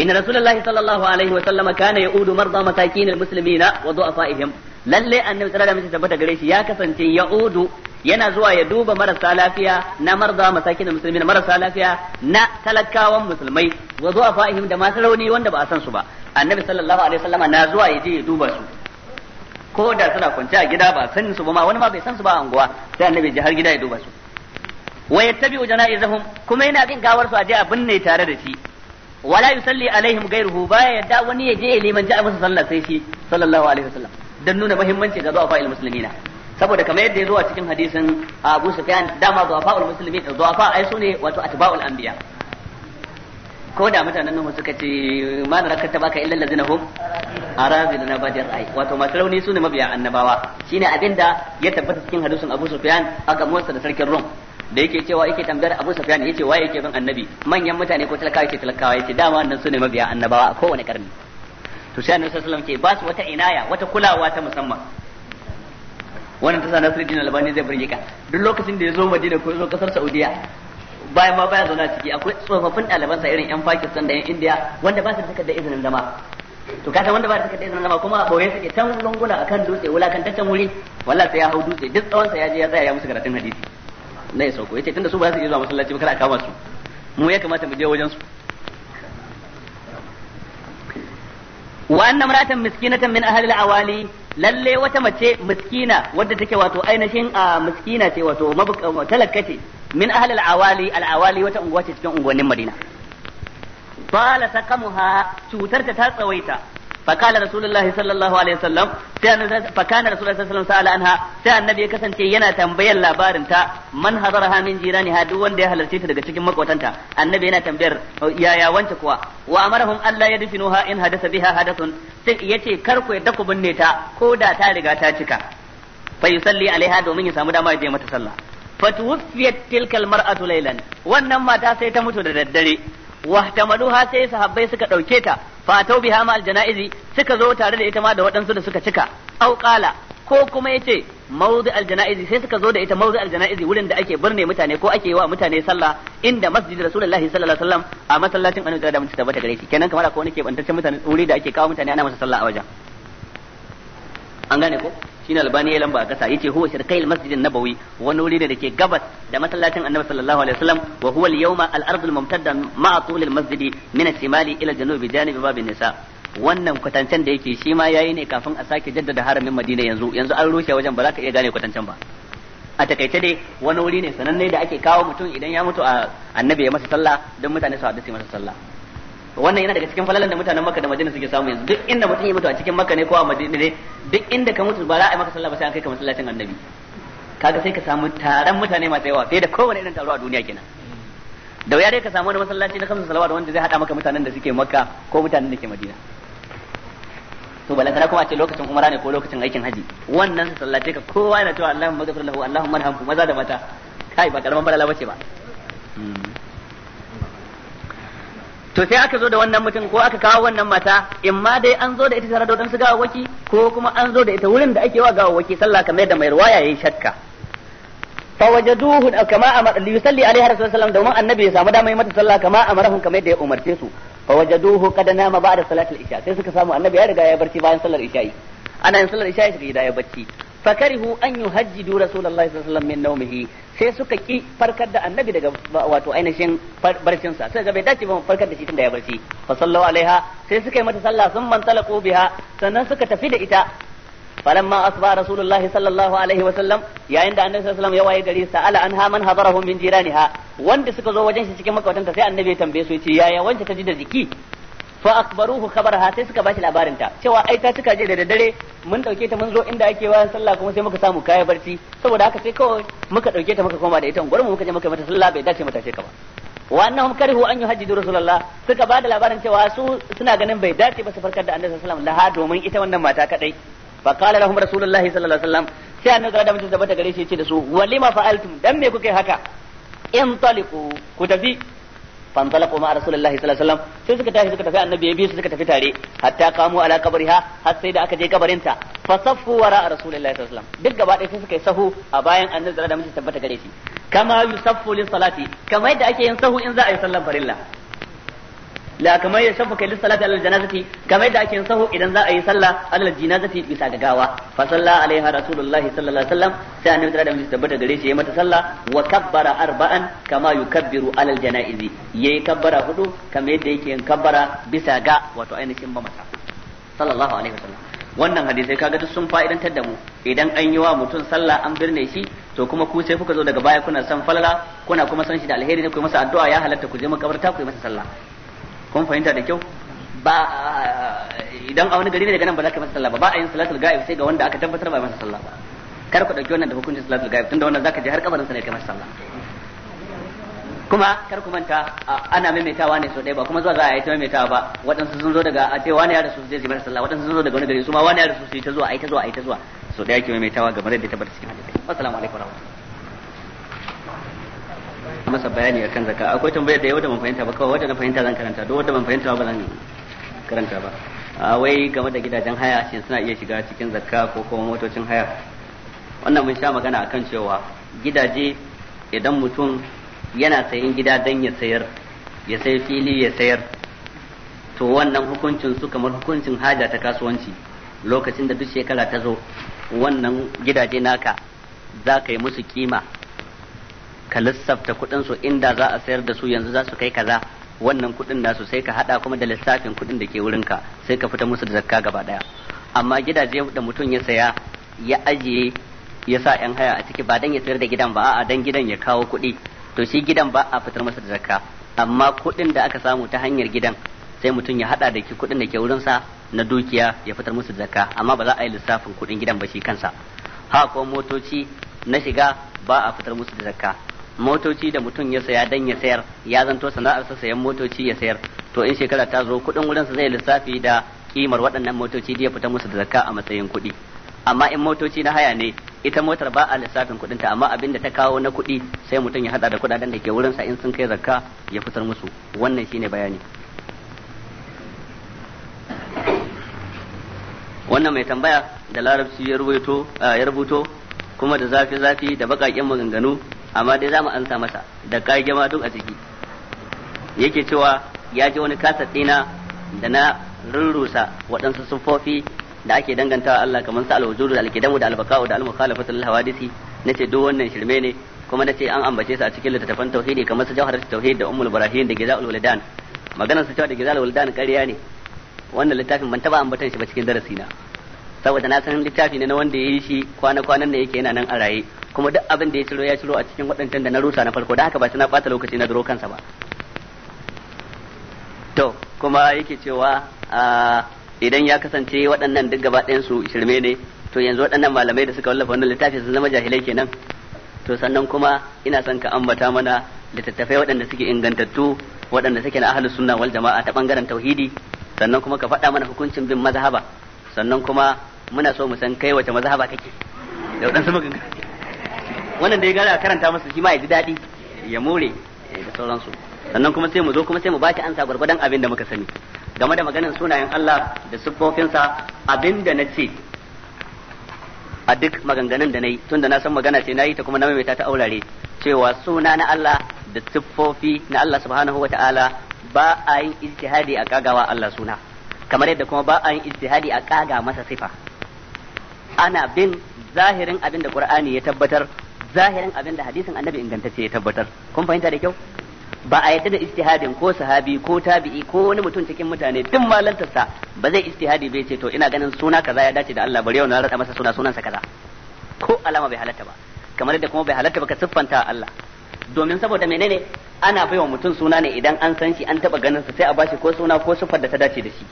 إن rasulullahi sallallahu alaihi wa sallam kana yaudu marda masakin almuslimina wa du'afa'ihim lalle annabi sallallahu alaihi wasallam tabbata gare shi ya kasance ya ya'udu yana zuwa ya duba marasa lafiya na marza masakin musulmi na marasa lafiya na talakawan musulmai wa zuwa fa'ihim da masu rauni wanda ba a san su ba annabi sallallahu alaihi wasallam na zuwa ya je ya duba su ko da suna kwance a gida ba san su ba ma wani ma bai san su ba a unguwa sai annabi ji har gida ya duba su wa yattabi'u janaizahum kuma yana bin gawar su a je a binne tare da shi wala yusalli alaihim ghairuhu baya yadda wani ya je ya limanci a masa sallah sai shi sallallahu alaihi wasallam dan nuna muhimmanci ga zuwa fa'il muslimina saboda kamar yadda ya zo a cikin hadisin Abu Sufyan dama zuwa fa'il muslimi zuwa fa ai sune wato atba'ul anbiya ko da mutanen nan suka ce ma na rakata baka illa ladina hum arabil na badir ai wato masu rauni sune mabiya annabawa shine abinda ya tabbata cikin hadisin Abu Sufyan aka motsa da sarkin Rum da yake cewa yake tambayar Abu Sufyan yace waye yake bin annabi manyan mutane ko talakawa yake talakawa yace dama wannan sune mabiya annabawa a kowane karni to sai annabi sallallahu alaihi wasallam ce ba su wata inaya wata kulawa ta musamman wannan ta sa Nasiruddin Albani zai burge ka duk lokacin da ya zo Madina ko zo kasar Saudiya bayan ma baya zauna ciki akwai tsofaffin sa irin 'yan Pakistan da 'yan India wanda ba su da takardar izinin zama to san wanda ba su da takardar izinin zama kuma a suke tan lunguna akan dutse wulakantaccen wuri wallahi sai ya hau dutse duk tsawon sa ya je ya tsaya ya musu karatun hadisi na ya sauko yace tunda su ba za su iya zuwa masallaci ba kada a kama su mu ya kamata mu je wajen su wa anna maratan miskinatan min ahli al-awali lalle wata mace miskina wadda take wato ainihin a miskina ce wato talakka ce min ahli al-awali al-awali wata unguwa ce cikin unguwannin Madina bala saqamuha cutar ta tsawaita فقال رسول الله صلى الله عليه وسلم فكان رسول الله sai annabi ya kasance yana tambayar labarin ta manhajar hamin min jiraniha duk wanda ya halarce ta daga cikin makwatanta annabi yana tambayar yaya wance kuwa wa amarahum alla yadfinuha in hadasa biha hadathun sai ce kar ku yadda ku binne ta ko da ta riga ta cika fa yusalli alaiha domin ya samu dama ya je mata sallah fatuwfiyat tilkal mar'atu laylan wannan mata sai ta mutu da daddare wahtamaluha sai sahabbai suka dauke ta fa tau biha ma aljanaizi suka zo tare da ita ma da waɗansu da suka cika au qala ko kuma yace mawdi aljanaizi sai suka zo da ita mawdi aljanaizi wurin da ake birne mutane ko ake yi wa mutane sallah inda masjid rasulullahi sallallahu alaihi wasallam a masallacin annabi da mutunta bata gare shi kenan kamar akwai wani ke bantaccen mutane wuri da ake kawo mutane ana masa sallah a wajen an gane ko shine albani ya lamba a kasa yace huwa shirkail masjidin nabawi wani wuri ne dake gabas da masallacin annabi sallallahu alaihi wasallam wa huwa al-yawma al-ardu al-mumtadda ma'a tul al min al-shimali ila al-janubi janibi bab nisa wannan kwatancen da yake shi ma yayi ne kafin a sake jaddada haramin Madina yanzu yanzu an rushe wajen ba za ka iya gane kwatancen ba a takaice dai wani wuri ne sananne da ake kawo mutum idan ya mutu a annabi ya masa sallah don mutane su haɗu masa sallah wannan yana daga cikin falalan da mutanen Makka da Madina suke samu yanzu duk inda mutum ya mutu a cikin Makka ne ko a Madina ne duk inda ka mutu ba za a yi maka sallah ba sai an kai ka masallacin Annabi kaga sai ka samu taron mutane masu yawa fiye da kowane irin taro a duniya kenan da wuya dai ka samu wani masallaci na kamsa da wanda zai hada maka mutanen da suke Makka ko mutanen da ke Madina to balantana kuma a ce lokacin umara ne ko lokacin aikin haji wannan su sallace ka kowa yana cewa Allahumma ghafir lahu Allahumma arhamhu maza da mata kai ba karaman balala bace ba to sai aka zo da wannan mutum ko aka kawo wannan mata in ma dai an zo da ita tare da wadansu gawawaki ko kuma an zo da ita wurin da ake wa gawawwaki sallah kamar yadda mai ruwaya yayi shakka wajaduhu kama amara yusalli alaihi rasulullah domin annabi ya samu dama yi mata sallah kama amarahum kamar yadda ya umarce su wajaduhu kad nama ba'da salatul isha sai suka samu annabi ya riga ya barci bayan sallar isha'i ana yin sallar isha'i da ya barci fakarihu an yuhajjidu rasulullahi sallallahu alaihi wasallam min nawmihi sai suka ki farkar da annabi daga wato ainihin barcin sa sai ga bai dace ba farkar da shi tunda ya barci fa sallallahu alaiha sai suka yi mata sallah sun man talaqu biha sannan suka tafi da ita falamma asba rasulullahi sallallahu alaihi wasallam yayin da annabi sallallahu alaihi wasallam ya waye gari sa'ala anha man hadarahu min jiraniha wanda suka zo wajen shi cikin makwatanta sai annabi ya tambaye su yace yaya wanda ta ji da jiki fa akhbaruhu khabaraha sai suka bashi labarin ta cewa ai ta cika je da daddare mun dauke ta mun zo inda ake wa sallah kuma sai muka samu kaya barci saboda haka sai kawai muka dauke ta muka koma da ita gurin muka je muka mata sallah bai dace mata sai ka ba wa annahum karihu an yuhajjidu rasulullah suka bada labarin cewa su suna ganin bai dace ba su farkar da annabi sallallahu alaihi wasallam domin ita wannan mata kadai fa qala lahum rasulullahi sallallahu alaihi wasallam sai annabi da mutum tabbata gare shi ya ce da su walima fa'altum dan me kuke haka in taliqu ku tafi fanzalaku ma rasulullahi sallallahu alaihi wasallam sai suka tafi suka tafi annabi ya bi su suka tafi tare hatta kamu ala kabriha har sai da aka je kabarinta fasaffu wara rasulullahi sallallahu alaihi wasallam duk gaba ɗaya sai suka yi sahu a bayan annabi da mace tabbata gare shi kama yusaffu lis salati kamar yadda ake yin sahu in za a yi sallan farilla la kamar ya shafa kai lissalati alal janazati kamar da ake sahu idan za a yi sallah alal janazati bisa ga gawa fa salla alaiha rasulullahi sallallahu alaihi wasallam sai annabi da mun tabbata gare shi yayi mata sallah wa kabbara arba'an kama yukabbiru alal janaizi yayi kabbara hudu kamar yadda yake yin kabbara bisa ga wato ainihin mamata sallallahu alaihi wasallam wannan hadisai kaga duk sun fa'idantar da mu idan an yi wa mutum sallah an birne shi to kuma ku sai kuka zo daga baya kuna san falala kuna kuma san shi da alheri ne ku masa addu'a ya halatta ku je makabarta ku yi masa sallah kun fahimta da kyau ba idan a wani gari ne daga nan ba za ka masa sallah ba ba a yin salatul ga'ib sai ga wanda aka tabbatar ba masa sallah ba kar ku dauki wannan da hukuncin salatul ga'ib tunda wannan zaka je har kabarin sa ne kai masa sallah kuma kar ku manta ana maimaitawa ne so dai ba kuma zuwa za a yi ta maimaitawa ba waɗansu sun zo daga a ce wani ya rasu zai zai masa sallah waɗansu sun zo daga wani gari su ma wani ya rasu su yi ta zuwa a yi ta zuwa a yi ta zuwa so dai ke maimaitawa game da ta bar cikin hadisi assalamu alaikum warahmatullahi masa bayani akan zakka akwai tambayar da yau da ban fahimta ba kawai wata na fahimta zan karanta duk wata ban fahimta ba zan karanta ba a wai game da gidajen haya shin suna iya shiga cikin zakka ko kuma motocin haya wannan mun sha magana akan cewa gidaje idan mutum yana sayin gida dan ya sayar ya sayi fili ya sayar to wannan hukuncin su kamar hukuncin haja ta kasuwanci lokacin da duk shekara ta zo wannan gidaje naka za ka yi musu kima ka lissafta kuɗin su inda za a sayar da su yanzu za su kai kaza wannan kuɗin nasu sai ka hada kuma da lissafin kuɗin da ke wurinka sai ka fita musu da zakka gaba daya amma gidaje da mutum ya saya ya ajiye ya sa yan haya a ciki ba dan ya sayar da gidan ba a'a dan gidan ya kawo kuɗi to shi gidan ba a fitar masa da zakka amma kuɗin da aka samu ta hanyar gidan sai mutum ya hada da ki kuɗin da ke sa na dukiya ya fitar musu da zakka amma ba za a yi lissafin kuɗin gidan ba shi kansa ha ko motoci na shiga ba a fitar musu da zakka motoci da mutum ya saya dan ya sayar ya zanto sana'arsa sayan motoci ya sayar to in shekara ta zo kuɗin wurin zai lissafi da kimar waɗannan motoci da ya fita musu da zakka a matsayin kuɗi amma in motoci na haya ne ita motar ba a lissafin kuɗin ta amma abin da ta kawo na kuɗi sai mutum ya hada da kuɗaɗen da ke wurin sa in sun kai zakka ya fitar musu wannan shine bayani wannan mai tambaya da larabci ya rubuto ya rubuto kuma da zafi zafi da baƙaƙen maganganu amma dai za mu ansa masa da kage ma duk a ciki yake cewa ya ji wani kasa tsina da na rurrusa waɗansu sufofi da ake dangantawa Allah kamar sa al da al da al da almukhalafatu lil hawadisi nace duk wannan shirme ne kuma nace an ambace su a cikin littattafan tauhidi kamar su jawharatu tauhid da ummul ibrahim da gizaul walidan maganar su cewa da gizaul walidan ƙarya ne wannan littafin ban taba ambatan shi ba cikin darasi na saboda na san littafi ne na wanda ya yi shi kwana-kwanan ne yake yana nan a raye kuma duk abin da ya ciro ya ciro a cikin waɗancan da na rusa na farko da haka ba na ɓata lokaci na duro kansa ba to kuma yake cewa idan ya kasance waɗannan duk gaba ɗayan su shirme ne to yanzu waɗannan malamai da suka wallafa wannan littafi sun zama jahilai kenan to sannan kuma ina son ka ambata mana littattafai waɗanda suke ingantattu waɗanda suke na ahlus sunna wal jama'a ta ɓangaren tauhidi sannan kuma ka faɗa mana hukuncin bin mazhaba sannan kuma muna so mu san kai wace mazhaba kake da waɗansu maganganu wannan da ya gara karanta masa shi ma ya ji daɗi ya more eh, da sauransu sannan kuma sai mu zo kuma sai mu baki ansa gwargwadon abin da muka sani game da maganin sunayen Allah da siffofinsa abin da na ce a duk maganganun da na yi tunda na san magana ce na yi ta kuma na maimaita ta aurare cewa suna na Allah da siffofi na Allah subhanahu wa ta'ala ba a yin ijtihadi a kagawa Allah suna kamar yadda kuma ba a yin ijtihadi a kaga masa sifa ana bin zahirin abin da Qur'ani ya tabbatar zahirin abin da hadisin annabi ingantacce ya tabbatar kun fahimta da kyau ba a yadda da istihadin ko sahabi ko tabi'i ko wani mutum cikin mutane duk malantarsa ba zai istihadi bai ce to ina ganin suna kaza ya dace da Allah bari yau na rada masa suna sunansa kaza ko alama bai halatta ba kamar yadda kuma bai halatta ba ka siffanta Allah domin saboda menene ana wa mutum suna ne idan an san shi an taba ganin sa sai a bashi ko suna ko siffar da ta dace da shi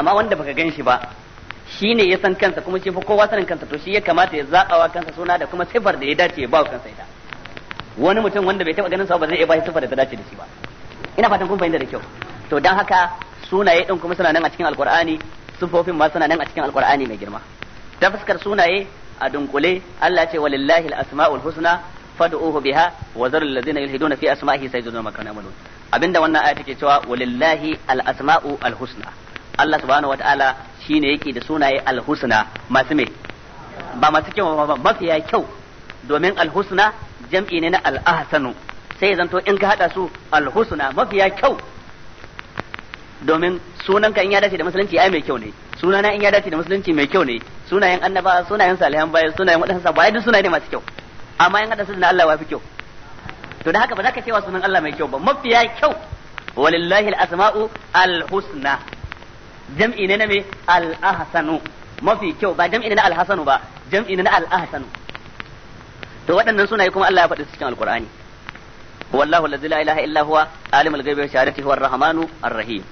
amma wanda baka gan shi ba shi ne ya san kansa kuma shi fa kowa sanin kansa to shi ya kamata ya zaɓawa kansa suna da kuma sifar da ya dace ya ba wa kansa ita wani mutum wanda bai taɓa ganin sa ba zai iya ba shi sifar da ta dace da shi ba ina fatan kun fahimta da kyau to dan haka sunaye din kuma suna nan a cikin alqur'ani sifofin ma suna nan a cikin alqur'ani mai girma ta fuskar sunaye a dunkule Allah ce walillahi al-asma'ul husna fad'uhu biha wa zarul ladzina yulhiduna fi asma'ihi sayajiduna makana kanu abinda wannan aya take cewa walillahi al-asma'u al-husna Allah subhanahu wataala shine yake da sunaye alhusna masu mai ba masu kyau ba mafiya kyau domin alhusna jam'i ne na al'ahsanu sai zanto in ka hada su alhusna mafiya kyau domin sunanka in ya dace da musulunci ai mai kyau ne sunana in ya dace da musulunci mai kyau ne sunayen annaba sunayen salihan bayan sunayen wadansu bayan sunaye ne masu kyau amma in hada su da Allah wafi kyau to da haka ba za ka cewa sunan Allah mai kyau ba mafiya kyau walillahi al-asma'u al-husna jam'i ne na me al-ahsanu mafi kyau ba jam'i ne na al-hasanu ba jam'i ne na al-ahsanu to waɗannan sunaye kuma Allah ya faɗi cikin alqur'ani wallahu allazi la ilaha illa huwa alimul ghaibi wa shahadati huwa ar-rahmanu ar-rahim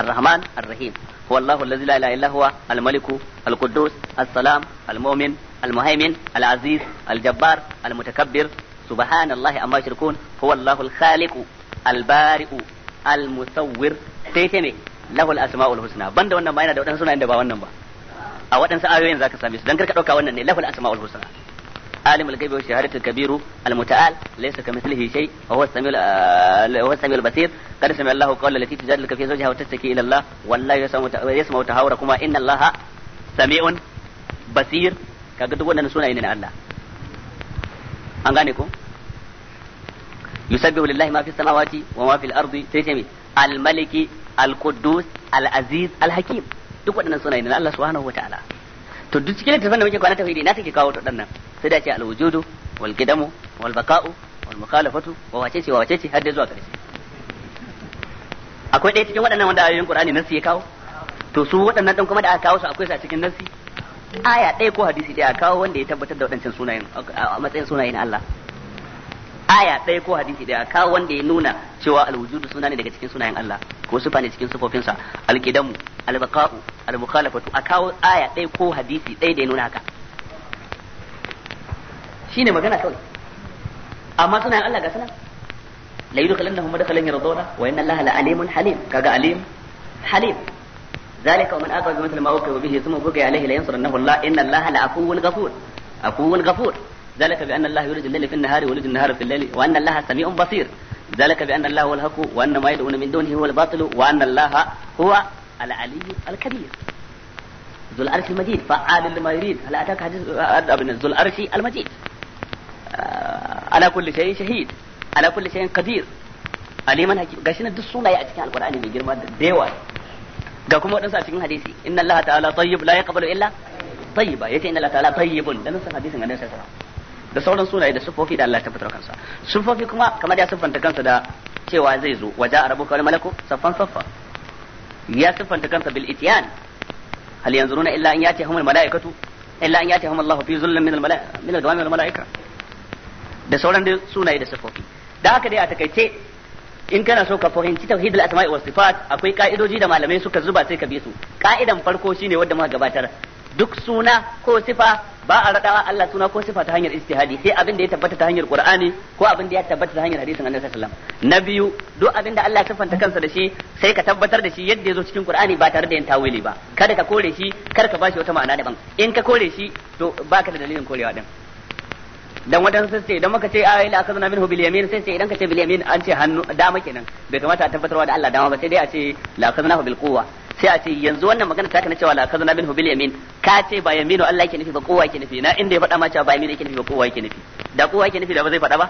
ar-rahman ar-rahim wallahu allazi la ilaha illa huwa al-maliku al-quddus as-salam al-mu'min al al-aziz al-jabbar al-mutakabbir subhanallahi amma yushrikun huwa allahul khaliqu al-bari'u al-musawwir sai lahul asmaul husna banda wannan ma yana da wadansu sunayen da ba wannan ba a wadansu ayoyin zaka same su dan karka dauka wannan ne lahul asmaul husna alimul ghaibi wa shahadatul kabiru al mutaal laysa kamithlihi shay wa huwa samiul uh, wa samiul basir qad sami Allahu qawla allati tujadiluka fi zawjiha wa tashtaki ila Allah wallahu yasma'u tahawurakuma inna Allaha sami'un basir kaga duk wannan sunaye ne na Allah an gane ko yusabbihu lillahi ma fis samawati wa ma fil ardi sai al maliki al-quddus al-aziz al-hakim duk waɗannan sunaye ne na Allah subhanahu wataala to duk cikin littafin da muke kwana tauhidi na take kawo waɗannan sai da ce al-wujudu wal qidamu wal baqa'u wal mukhalafatu wa wace ce wa wace ce har da zuwa ƙarshe akwai ɗaya cikin waɗannan wanda ayoyin Qur'ani su ya kawo to su waɗannan ɗin kuma da aka kawo su akwai su a cikin nasi aya ɗaya ko hadisi ɗaya kawo wanda ya tabbatar da waɗancan sunayen a matsayin sunayen Allah aya ɗaya ko hadisi ɗaya ka wanda ya nuna cewa alwujudu suna ne daga cikin sunayen Allah ko sufa ne cikin sufofinsa alqidamu albaqa'u almukhalafatu a kawo aya ɗaya ko hadisi ɗaya da ya nuna haka shine magana kawai amma sunayen Allah ga sunan la yudkhilannahum madkhalan yardawna wa inna Allaha la alimun halim kaga alim halim ذلك ومن آخذ بمثل ما أوكي به ثم بقي عليه لينصرنه الله إن الله لعفو غفور عفو غفور ذلك بأن الله يولج الليل في النهار ويولج النهار في الليل وأن الله سميع بصير ذلك بأن الله هو الحق وأن ما يدعون من دونه هو الباطل وأن الله هو العلي الكبير ذو العرش المجيد فعال لما يريد هل أتاك حديث ابن ذو العرش المجيد على كل شيء شهيد على كل شيء قدير aliman hakim gashi na duk sunaye a cikin alqur'ani mai girma da yawa ga kuma wadansu a cikin hadisi inna allaha ta'ala tayyib la yaqbalu illa tayyiba yace inna allaha ta'ala tayyibun dan san hadisin annabi sallallahu alaihi wasallam da sauran sunaye da sufofi da Allah ta fitar kansa sufofi kuma kamar ya siffanta kansa da cewa zai zo waja a rabuka wal malaku saffan saffa ya siffanta kansa bil ityan hal yanzuruna illa an yatihum al malaikatu illa an yatihum Allah fi zullin min al malaika min al gawami al malaika da sauran da sunaye da sufofi da haka dai a takaice in kana so ka fahimci tauhidul asma'i was sifat akwai ka'idoji da malamai suka zuba sai ka bi su ka'idan farko shine wanda muka gabatar duk suna ko sifa ba a radawa Allah suna ko sifa ta hanyar istihadi sai abin da ya tabbata ta hanyar Qur'ani ko abin da ya tabbata ta hanyar hadisin Annabi sallallahu alaihi wasallam na biyu duk abin da Allah ya sifanta kansa da shi sai ka tabbatar da shi yadda ya zo cikin Qur'ani ba tare da yin tawili ba kada ka kore shi kar ka bashi wata ma'ana daban in ka kore shi to baka da dalilin korewa din dan wadan sai ce idan muka ce a ila akazna minhu bil yamin sai ce idan ka ce bil yamin an ce hannu dama kenan bai kamata a tabbatarwa da Allah dama ba sai dai a ce la akazna bil quwwa sai a ce yanzu wannan magana taka na cewa la kazana bin hubil yamin ka ce ba yaminu Allah yake nufi ba kowa yake nufi na inda ya faɗa ma cewa ba yaminu yake nufi ba kowa yake nufi da kowa yake nufi da ba zai faɗa ba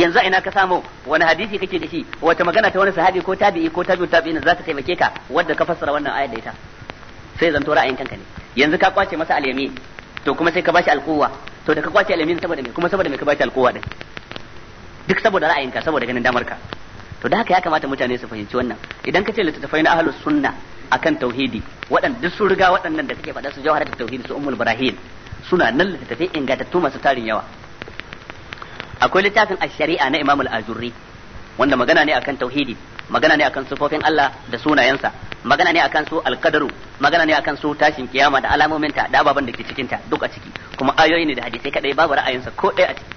yanzu ina ka samu wani hadisi kake da shi wata magana ta wani sahabi ko tabi'i ko tabi'u tabi'in za ta taimake ka wanda ka fassara wannan ayar da ita sai zanto ra'ayin kanka ne yanzu ka kwace masa al-yamin to kuma sai ka bashi al to da ka kwace al-yamin saboda me kuma saboda me ka bashi al-quwwa din duk saboda ra'ayinka saboda ganin damar ka to da haka ya kamata mutane su fahimci wannan idan ka ce littattafai na ahlus sunna akan tauhidi waɗanda duk sun riga waɗannan da kake faɗa su jawhar tauhidi su ummul Ibrahim suna nan littattafai ingantattu masu tarin yawa akwai littafin ash-shari'a na Imam al-Ajurri wanda magana ne akan tauhidi magana ne akan sufofin Allah da sunayensa magana ne akan su alkadaru magana ne akan su tashin kiyama da alamominta da ababen da ke cikin ta duk a ciki kuma ayoyi ne da hadisai kadai babu ra'ayinsa ko ɗaya a ciki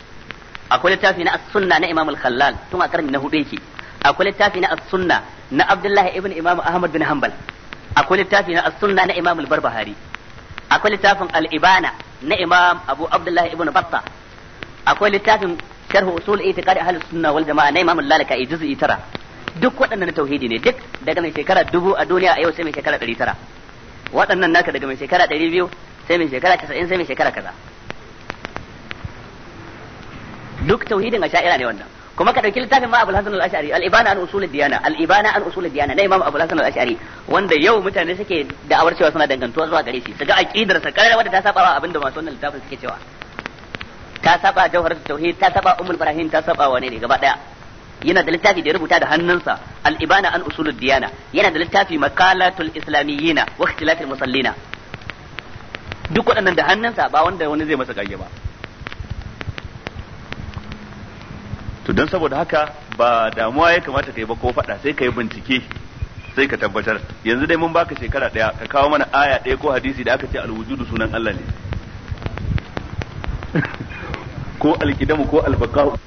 akwai littafi na sunna na imamul al-Khallal tun a karni na hudu yake akwai littafi na as-sunna na Abdullahi ibn Imam Ahmad bin Hanbal akwai littafi na as-sunna na Imam al-Barbahari akwai littafin al-Ibana na Imam Abu Abdullahi ibn Battah akwai littafin sharh usul itiqadi ahlus sunna wal jamaa na Imam al-Lalaka'i juz'i 9 duk waɗannan tauhidi ne duk daga mai shekara dubu a duniya a yau sai mai shekara ɗari tara waɗannan naka daga mai shekara ɗari biyu sai mai shekara casa'in sai mai shekara kaza duk tauhidin a sha'ira ne wannan kuma ka dauki littafin ma Abul Hasan al-Ash'ari al-Ibana an usul diyana al-Ibana an usul diyana na Imam Abul Hasan al-Ash'ari wanda yau mutane suke da'awar cewa suna dangantuwa zuwa gare shi su ga aqidar sa karara wadda ta saba wa abinda masu wannan littafin suke cewa ta saba jawhar tauhid ta saba ummul barahin ta saba wa ne ne gaba daya yana da littafi da ya rubuta da hannunsa al-ibana an usulud diyana yana da littafi makalatul islamiyina wa ikhtilafil musallina duk waɗannan da hannunsa ba wanda wani zai masa kage ba to don saboda haka ba damuwa ya kamata ka yi ba ko faɗa sai ka yi bincike sai ka tabbatar yanzu dai mun baka shekara ɗaya ka kawo mana aya ɗaya ko hadisi da aka ce alwujudu sunan Allah ne ko alkidamu ko albakawu